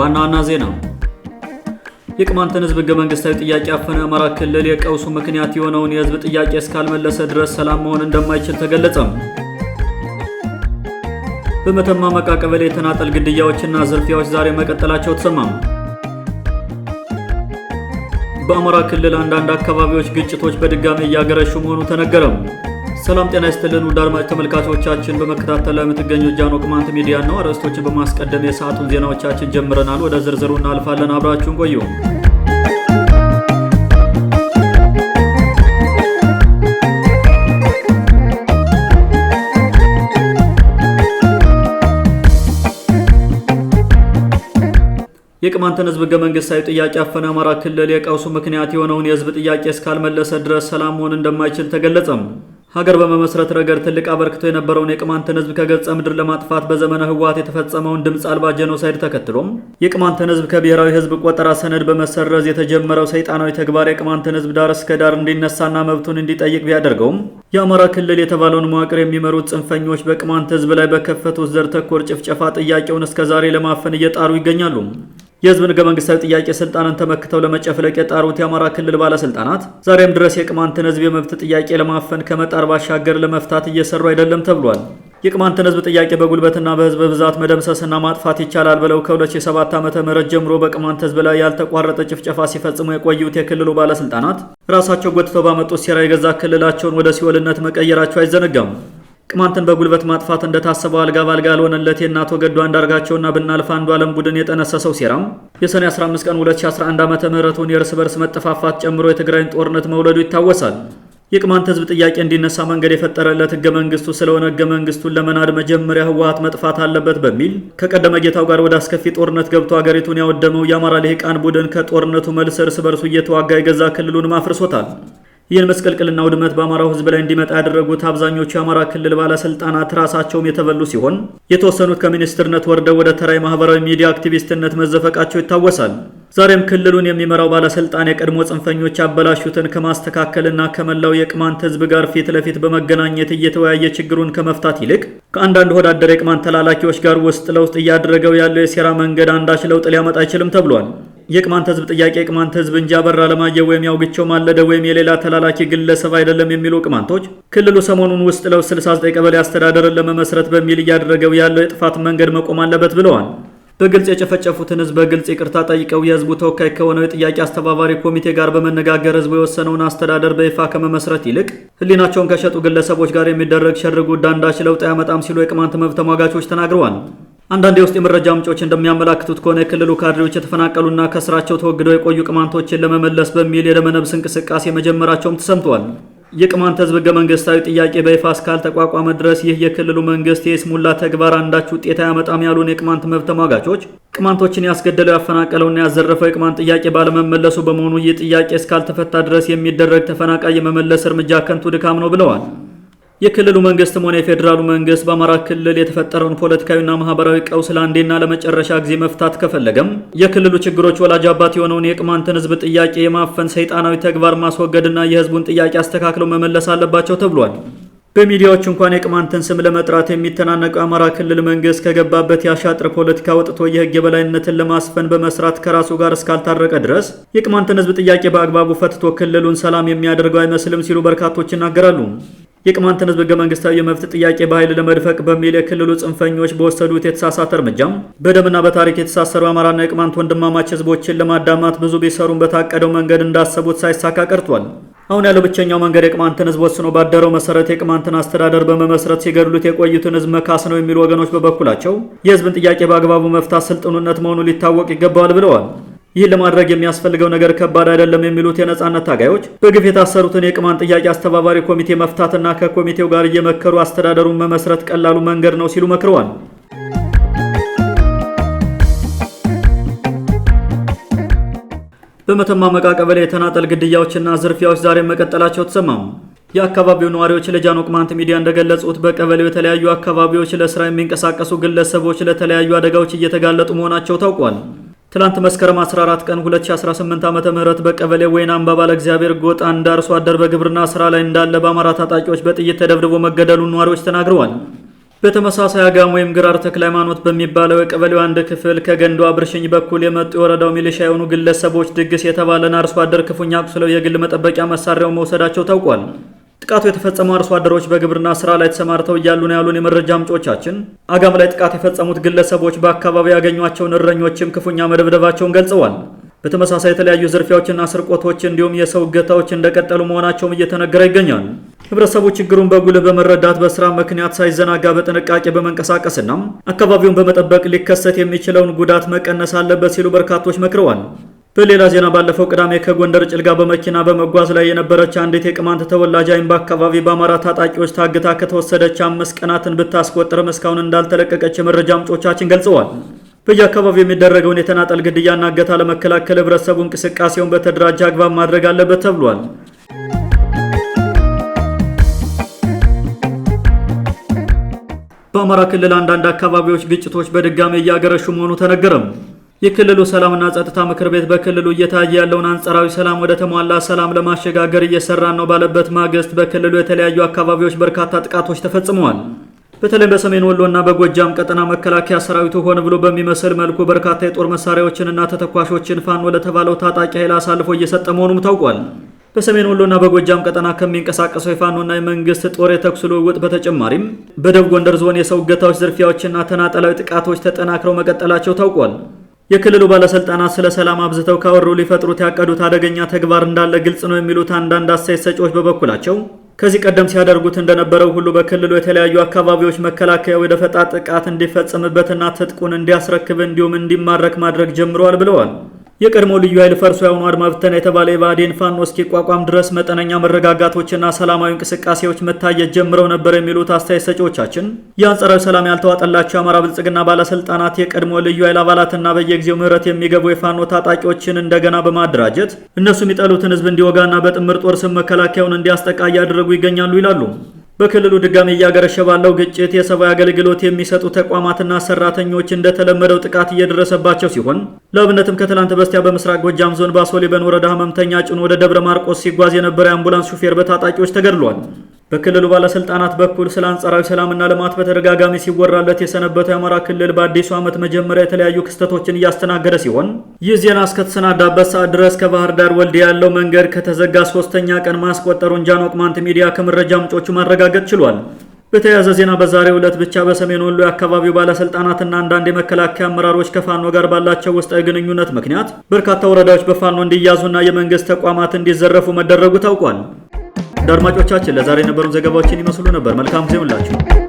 ዋና ዋና ዜና የቅማንትን ህዝብ ህገ መንግስታዊ ጥያቄ ያፈነ አማራ ክልል የቀውሱ ምክንያት የሆነውን የህዝብ ጥያቄ እስካልመለሰ ድረስ ሰላም መሆን እንደማይችል ተገለጸም። በመተማ መቃ ቀበሌ የተናጠል ግድያዎችና ዝርፊያዎች ዛሬ መቀጠላቸው ተሰማም። በአማራ ክልል አንዳንድ አካባቢዎች ግጭቶች በድጋሚ እያገረሹ መሆኑ ተነገረም። ሰላም ጤና ይስጥልን ውድ አድማጭ ተመልካቾቻችን፣ በመከታተል ላይ ጃኖ ቅማንት ሚዲያ ነው። አርዕስቶችን በማስቀደም የሰዓቱን ዜናዎቻችን ጀምረናል። ወደ ዝርዝሩ እናልፋለን። አብራችሁን ቆዩ። የቅማንትን ህዝብ ሕገ መንግስታዊ ጥያቄ አፈነ አማራ ክልል የቀውሱ ምክንያት የሆነውን የህዝብ ጥያቄ እስካልመለሰ ድረስ ሰላም መሆን እንደማይችል ተገለጸም። ሀገር በመመስረት ረገድ ትልቅ አበርክቶ የነበረውን የቅማንትን ህዝብ ከገጸ ምድር ለማጥፋት በዘመነ ህወሓት የተፈጸመውን ድምፅ አልባ ጄኖሳይድ ተከትሎም የቅማንትን ህዝብ ከብሔራዊ ህዝብ ቆጠራ ሰነድ በመሰረዝ የተጀመረው ሰይጣናዊ ተግባር የቅማንትን ህዝብ ዳር እስከ ዳር እንዲነሳና መብቱን እንዲጠይቅ ቢያደርገውም የአማራ ክልል የተባለውን መዋቅር የሚመሩት ጽንፈኞች በቅማንት ህዝብ ላይ በከፈቱት ዘር ተኮር ጭፍጨፋ ጥያቄውን እስከዛሬ ለማፈን እየጣሩ ይገኛሉ። የህዝብን ህገ መንግስታዊ ጥያቄ ስልጣንን ተመክተው ለመጨፍለቅ የጣሩት የአማራ ክልል ባለስልጣናት ዛሬም ድረስ የቅማንትን ህዝብ የመብት ጥያቄ ለማፈን ከመጣር ባሻገር ለመፍታት እየሰሩ አይደለም ተብሏል። የቅማንትን ህዝብ ጥያቄ በጉልበትና በህዝብ ብዛት መደምሰስና ማጥፋት ይቻላል ብለው ከ2007 ዓ ም ጀምሮ በቅማንት ህዝብ ላይ ያልተቋረጠ ጭፍጨፋ ሲፈጽሙ የቆዩት የክልሉ ባለስልጣናት ራሳቸው ጎትተው ባመጡት ሴራ የገዛ ክልላቸውን ወደ ሲወልነት መቀየራቸው አይዘነጋም። ቅማንትን በጉልበት ማጥፋት እንደታሰበው አልጋ ባልጋ አልሆነለት የእናቶ ገዱ አንዳርጋቸውና ብናልፍ አንዱ አለም ቡድን የጠነሰሰው ሴራም የሰኔ 15 ቀን 2011 ዓ ምህረቱን የእርስ በርስ መጠፋፋት ጨምሮ የትግራይን ጦርነት መውለዱ ይታወሳል። የቅማንት ህዝብ ጥያቄ እንዲነሳ መንገድ የፈጠረለት ህገ መንግስቱ ስለሆነ ህገ መንግስቱን ለመናድ መጀመሪያ ህወሀት መጥፋት አለበት በሚል ከቀደመ ጌታው ጋር ወደ አስከፊ ጦርነት ገብቶ ሀገሪቱን ያወደመው የአማራ ልሂቃን ቡድን ከጦርነቱ መልስ እርስ በርሱ እየተዋጋ የገዛ ክልሉን ማፍርሶታል። ይህን መስቀልቅልና ውድመት በአማራው ህዝብ ላይ እንዲመጣ ያደረጉት አብዛኞቹ የአማራ ክልል ባለስልጣናት ራሳቸውም የተበሉ ሲሆን የተወሰኑት ከሚኒስትርነት ወርደው ወደ ተራይ ማህበራዊ ሚዲያ አክቲቪስትነት መዘፈቃቸው ይታወሳል። ዛሬም ክልሉን የሚመራው ባለስልጣን የቀድሞ ጽንፈኞች ያበላሹትን ከማስተካከልና ከመላው የቅማንት ህዝብ ጋር ፊት ለፊት በመገናኘት እየተወያየ ችግሩን ከመፍታት ይልቅ ከአንዳንድ ወዳደር የቅማንት ተላላኪዎች ጋር ውስጥ ለውስጥ እያደረገው ያለው የሴራ መንገድ አንዳች ለውጥ ሊያመጣ አይችልም ተብሏል። የቅማንት ህዝብ ጥያቄ የቅማንት ህዝብ እንጂ አበራ ለማየ ወይም ያውግቸው ማለደ ወይም የሌላ ተላላኪ ግለሰብ አይደለም የሚሉ ቅማንቶች ክልሉ ሰሞኑን ውስጥ ለው 69 ቀበሌ አስተዳደርን ለመመስረት በሚል እያደረገው ያለው የጥፋት መንገድ መቆም አለበት ብለዋል። በግልጽ የጨፈጨፉትን ህዝብ በግልጽ ይቅርታ ጠይቀው የህዝቡ ተወካይ ከሆነው የጥያቄ አስተባባሪ ኮሚቴ ጋር በመነጋገር ህዝቡ የወሰነውን አስተዳደር በይፋ ከመመስረት ይልቅ ህሊናቸውን ከሸጡ ግለሰቦች ጋር የሚደረግ ሸር አንዳች ለውጥ አያመጣም ሲሉ የቅማንት መብት ተሟጋቾች ተናግረዋል። አንዳንድ የውስጥ የመረጃ ምንጮች እንደሚያመላክቱት ከሆነ የክልሉ ካድሬዎች የተፈናቀሉና ከስራቸው ተወግደው የቆዩ ቅማንቶችን ለመመለስ በሚል የደመነብስ እንቅስቃሴ መጀመራቸውም ተሰምተዋል። የቅማንት ህዝብ ህገ መንግስታዊ ጥያቄ በይፋ እስካልተቋቋመ ድረስ ይህ የክልሉ መንግስት የስሙላ ተግባር አንዳች ውጤት አያመጣም ያሉን የቅማንት መብት ተሟጋቾች ቅማንቶችን ያስገደለው ያፈናቀለውና ያዘረፈው የቅማንት ጥያቄ ባለመመለሱ በመሆኑ ይህ ጥያቄ እስካልተፈታ ድረስ የሚደረግ ተፈናቃይ የመመለስ እርምጃ ከንቱ ድካም ነው ብለዋል። የክልሉ መንግስትም ሆነ የፌዴራሉ መንግስት በአማራ ክልል የተፈጠረውን ፖለቲካዊና ማህበራዊ ቀውስ ለአንዴና ለመጨረሻ ጊዜ መፍታት ከፈለገም የክልሉ ችግሮች ወላጅ አባት የሆነውን የቅማንትን ህዝብ ጥያቄ የማፈን ሰይጣናዊ ተግባር ማስወገድና የህዝቡን ጥያቄ አስተካክለው መመለስ አለባቸው ተብሏል። በሚዲያዎች እንኳን የቅማንትን ስም ለመጥራት የሚተናነቀው የአማራ ክልል መንግስት ከገባበት የአሻጥር ፖለቲካ ወጥቶ የህግ የበላይነትን ለማስፈን በመስራት ከራሱ ጋር እስካልታረቀ ድረስ የቅማንትን ህዝብ ጥያቄ በአግባቡ ፈትቶ ክልሉን ሰላም የሚያደርገው አይመስልም ሲሉ በርካቶች ይናገራሉ። የቅማንትን ህዝብ ህገ መንግስታዊ የመብት ጥያቄ በኃይል ለመድፈቅ በሚል የክልሉ ጽንፈኞች በወሰዱት የተሳሳተ እርምጃም በደምና በታሪክ የተሳሰሩ አማራና የቅማንት ወንድማማች ህዝቦችን ለማዳማት ብዙ ቢሰሩን በታቀደው መንገድ እንዳሰቡት ሳይሳካ ቀርቷል። አሁን ያለው ብቸኛው መንገድ የቅማንትን ህዝብ ወስኖ ባደረው መሰረት የቅማንትን አስተዳደር በመመስረት ሲገድሉት የቆዩትን ህዝብ መካስ ነው የሚሉ ወገኖች በበኩላቸው የህዝብን ጥያቄ በአግባቡ መፍታት ስልጥኑነት መሆኑ ሊታወቅ ይገባዋል ብለዋል። ይህን ለማድረግ የሚያስፈልገው ነገር ከባድ አይደለም የሚሉት የነጻነት ታጋዮች በግፍ የታሰሩትን የቅማን ጥያቄ አስተባባሪ ኮሚቴ መፍታትና ከኮሚቴው ጋር እየመከሩ አስተዳደሩን መመስረት ቀላሉ መንገድ ነው ሲሉ መክረዋል። በመተማ መቃ ቀበሌ የተናጠል ግድያዎችና ዝርፊያዎች ዛሬ መቀጠላቸው ተሰማሙ። የአካባቢው ነዋሪዎች ለጃኖ ቅማንት ሚዲያ እንደገለጹት በቀበሌው የተለያዩ አካባቢዎች ለስራ የሚንቀሳቀሱ ግለሰቦች ለተለያዩ አደጋዎች እየተጋለጡ መሆናቸው ታውቋል። ትላንት መስከረም 14 ቀን 2018 ዓ ም በቀበሌ ወይን አምባ ባለ እግዚአብሔር ጎጥ አንድ አርሶ አደር በግብርና ስራ ላይ እንዳለ በአማራ ታጣቂዎች በጥይት ተደብድቦ መገደሉን ነዋሪዎች ተናግረዋል። በተመሳሳይ አጋም ወይም ግራር ተክለ ሃይማኖት በሚባለው የቀበሌው አንድ ክፍል ከገንዶ አብርሽኝ በኩል የመጡ የወረዳው ሚሊሻ የሆኑ ግለሰቦች ድግስ የተባለን አርሶ አደር ክፉኛ ቁስለው የግል መጠበቂያ መሳሪያው መውሰዳቸው ታውቋል። ጥቃቱ የተፈጸመው አርሶ አደሮች በግብርና ስራ ላይ ተሰማርተው እያሉ ነው ያሉን የመረጃ ምንጮቻችን፣ አጋም ላይ ጥቃት የፈጸሙት ግለሰቦች በአካባቢው ያገኟቸውን እረኞችም ክፉኛ መደብደባቸውን ገልጸዋል። በተመሳሳይ የተለያዩ ዝርፊያዎችና ስርቆቶች እንዲሁም የሰው እገታዎች እንደቀጠሉ መሆናቸውም እየተነገረ ይገኛል። ህብረተሰቡ ችግሩን በጉልህ በመረዳት በስራ ምክንያት ሳይዘናጋ በጥንቃቄ በመንቀሳቀስና አካባቢውን በመጠበቅ ሊከሰት የሚችለውን ጉዳት መቀነስ አለበት ሲሉ በርካቶች መክረዋል። በሌላ ዜና ባለፈው ቅዳሜ ከጎንደር ጭልጋ በመኪና በመጓዝ ላይ የነበረች አንዲት የቅማንት ተወላጅ አይምባ አካባቢ በአማራ ታጣቂዎች ታግታ ከተወሰደች አምስት ቀናትን ብታስቆጥርም እስካሁን እንዳልተለቀቀች የመረጃ ምንጮቻችን ገልጸዋል። በየአካባቢው የሚደረገውን የተናጠል ግድያና እገታ ለመከላከል ህብረተሰቡ እንቅስቃሴውን በተደራጀ አግባብ ማድረግ አለበት ተብሏል። በአማራ ክልል አንዳንድ አካባቢዎች ግጭቶች በድጋሚ እያገረሹ መሆኑ ተነገረም። የክልሉ ሰላምና ጸጥታ ምክር ቤት በክልሉ እየታየ ያለውን አንጻራዊ ሰላም ወደ ተሟላ ሰላም ለማሸጋገር እየሰራን ነው ባለበት ማግስት በክልሉ የተለያዩ አካባቢዎች በርካታ ጥቃቶች ተፈጽመዋል። በተለይም በሰሜን ወሎ እና በጎጃም ቀጠና መከላከያ ሰራዊቱ ሆን ብሎ በሚመስል መልኩ በርካታ የጦር መሳሪያዎችንና ተተኳሾችን ፋኖ ለተባለው ታጣቂ ኃይል አሳልፎ እየሰጠ መሆኑም ታውቋል። በሰሜን ወሎና በጎጃም ቀጠና ከሚንቀሳቀሰው የፋኖና የመንግስት ጦር የተኩስ ልውውጥ በተጨማሪም በደቡብ ጎንደር ዞን የሰው እገታዎች፣ ዝርፊያዎችና ተናጠላዊ ጥቃቶች ተጠናክረው መቀጠላቸው ታውቋል። የክልሉ ባለስልጣናት ስለ ሰላም አብዝተው ካወሩ ሊፈጥሩት ያቀዱት አደገኛ ተግባር እንዳለ ግልጽ ነው የሚሉት አንዳንድ አስተያየት ሰጪዎች በበኩላቸው ከዚህ ቀደም ሲያደርጉት እንደነበረው ሁሉ በክልሉ የተለያዩ አካባቢዎች መከላከያ ወደ ጥቃት እንዲፈጸምበትና ትጥቁን እንዲያስረክብ እንዲሁም እንዲማረክ ማድረግ ጀምረዋል ብለዋል። የቀድሞ ልዩ ኃይል ፈርሶ ያሁኑ አድማ የተባለ የባዴን ፋኖ እስኪቋቋም ድረስ መጠነኛ መረጋጋቶችና ሰላማዊ እንቅስቃሴዎች መታየት ጀምረው ነበር የሚሉት አስተያየት ሰጪዎቻችን የአንጻራዊ ሰላም ያልተዋጠላቸው የአማራ ብልጽግና ባለስልጣናት የቀድሞ ልዩ ኃይል አባላትና በየጊዜው ምህረት የሚገቡ የፋኖ ታጣቂዎችን እንደገና በማደራጀት እነሱ የሚጠሉትን ህዝብ እንዲወጋና በጥምር ጦር ስም መከላከያውን እንዲያስጠቃ እያደረጉ ይገኛሉ ይላሉ። በክልሉ ድጋሚ እያገረሸ ባለው ግጭት የሰብአዊ አገልግሎት የሚሰጡ ተቋማትና ሰራተኞች እንደተለመደው ጥቃት እየደረሰባቸው ሲሆን ለብነትም ከትላንት በስቲያ በምስራቅ ጎጃም ዞን ባሶሊበን ወረዳ ህመምተኛ ጭኖ ወደ ደብረ ማርቆስ ሲጓዝ የነበረ የአምቡላንስ ሹፌር በታጣቂዎች ተገድሏል። በክልሉ ባለስልጣናት በኩል ስለ አንጻራዊ ሰላምና ልማት በተደጋጋሚ ሲወራለት የሰነበተው የአማራ ክልል በአዲሱ ዓመት መጀመሪያ የተለያዩ ክስተቶችን እያስተናገደ ሲሆን ይህ ዜና እስከተሰናዳበት ሰዓት ድረስ ከባህር ዳር ወልድ ያለው መንገድ ከተዘጋ ሶስተኛ ቀን ማስቆጠሩን ጃኖቅማንት ሚዲያ ከመረጃ ምንጮቹ ማረጋገጥ ችሏል። በተያያዘ ዜና በዛሬው ዕለት ብቻ በሰሜን ወሎ የአካባቢው ባለስልጣናትና አንዳንድ የመከላከያ አመራሮች ከፋኖ ጋር ባላቸው ውስጣዊ ግንኙነት ምክንያት በርካታ ወረዳዎች በፋኖ እንዲያዙና የመንግስት ተቋማት እንዲዘረፉ መደረጉ ታውቋል። ውድ አድማጮቻችን ለዛሬ የነበሩን ዘገባዎችን ይመስሉ ነበር። መልካም ጊዜ ሁላችሁ